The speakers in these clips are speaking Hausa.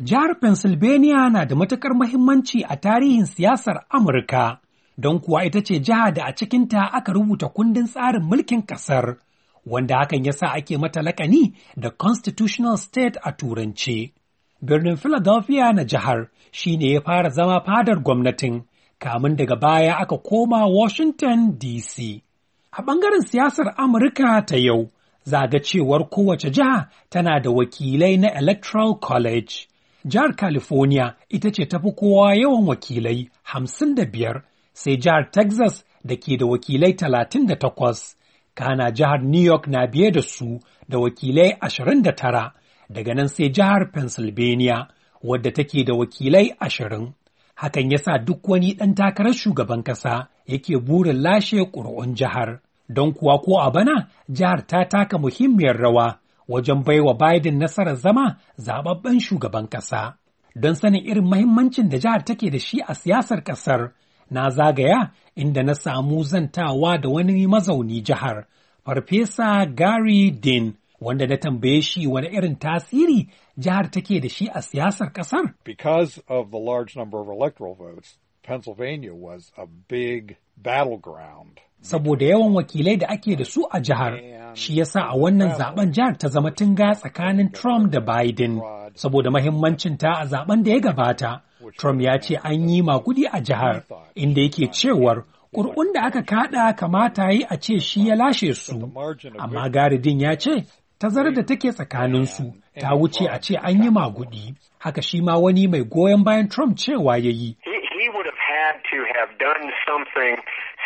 Jihar Pennsylvania na da matuƙar muhimmanci a tarihin siyasar Amurka, don kuwa ita ce jiha da a cikinta aka rubuta kundin tsarin mulkin ƙasar, wanda hakan ya sa ake mata lakani da Constitutional State a Turance. Birnin Philadelphia na jihar shi ne ya fara zama fadar gwamnatin, kamun daga baya aka koma Washington DC. A ɓangaren siyasar Amurka ta yau, zaga cewar kowace jiha tana da wakilai na Electoral College. Jihar California ita ce tafi kowa yawan wakilai hamsin da biyar, sai jihar Texas da ke da wakilai talatin da takwas. Kana jihar New York na biye da su da wakilai ashirin da tara, daga nan sai jihar Pennsylvania wadda take da wakilai ashirin. Hakan ya sa duk wani ɗan takarar shugaban ƙasa yake burin lashe ƙuri'un jihar. Don kuwa ko a bana, jihar ta taka muhimmiyar rawa wajen baiwa Biden nasarar zama zababben shugaban ƙasa. Don sanin irin mahimmancin da jihar take da shi a siyasar ƙasar, na zagaya inda na samu zantawa da wani mazauni jihar, Farfesa Gary Dean, wanda na tambaye shi wani irin tasiri jihar take da shi a siyasar ƙasar. Because of the large number of electoral votes, Pennsylvania was a big battleground. Saboda yawan wakilai da ake da su a jihar, Shi ya sa a wannan zaben jihar ta zama tunga tsakanin Trump da Biden saboda mahimmancinta a zaben da ya gabata. Trump ya ce an yi makudi a jihar inda yake cewar ƙur'un da aka kada kamata yi a ce shi ya lashe su, amma garidin ya ce tazarar da take tsakaninsu ta wuce a ce an yi magudi. Haka shi ma wani mai goyon bayan Trump cewa ya yi. had to have done something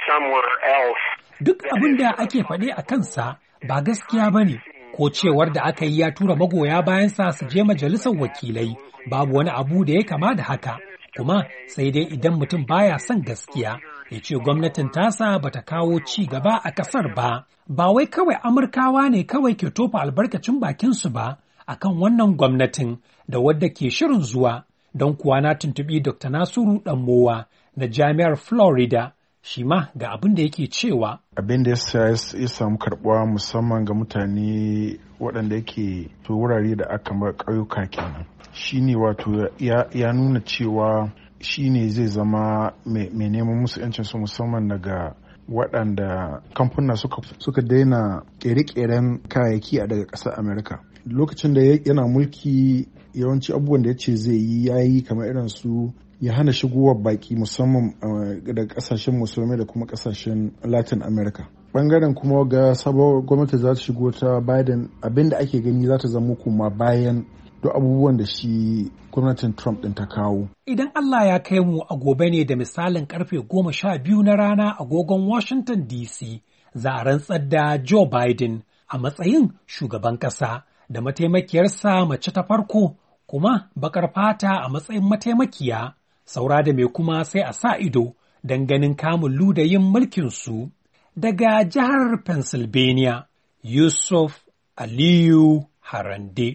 somewhere else. Duk abin da ake faɗe a kansa ba gaskiya ba ne, ko cewar da aka yi ya tura magoya bayan sa su je majalisar wakilai babu wani abu da ya kama da haka, kuma sai dai idan mutum baya son gaskiya. ya ce gwamnatin tasa ta kawo ci gaba a ƙasar ba, ba wai kawai Amurkawa ne kawai ke tofa albarkacin bakinsu ba akan wannan gwamnatin da wadda ke shirin zuwa, don kuwa na tuntuɓi Dr. Nasiru Ɗanmowa na jami'ar Florida shi ma ga abin da yake cewa. Abin da ya samu karbuwa musamman ga mutane waɗanda yake to wurare da aka mar ƙauyuka kenan. Shi ne wato ya nuna cewa shi ne zai zama mai neman musu su musamman daga waɗanda kamfuna suka daina ƙere-ƙeren kayayyaki a daga ƙasar Amerika. Lokacin da yana mulki yawanci abubuwan da ya ce zai yi ya yi kamar irin su ya hana shigowar baki musamman eh, da kasashen musulmai da kuma kasashen latin america bangaren kuma ga sabon gwamnati za ta shigo ta biden abinda ake gani za ta zama kuma bayan duk abubuwan da shi gwamnatin trump din ta kawo idan allah ya kai mu a gobe ne da misalin karfe goma sha biyu na rana agogon washington dc za a rantsar da joe biden a matsayin shugaban kasa da mataimakiyarsa mace ta farko kuma baƙar fata a matsayin mataimakiya saura da mai kuma sai a sa ido don ganin kamun ludayin mulkinsu daga jihar Pennsylvania, Yusuf Aliyu Harande.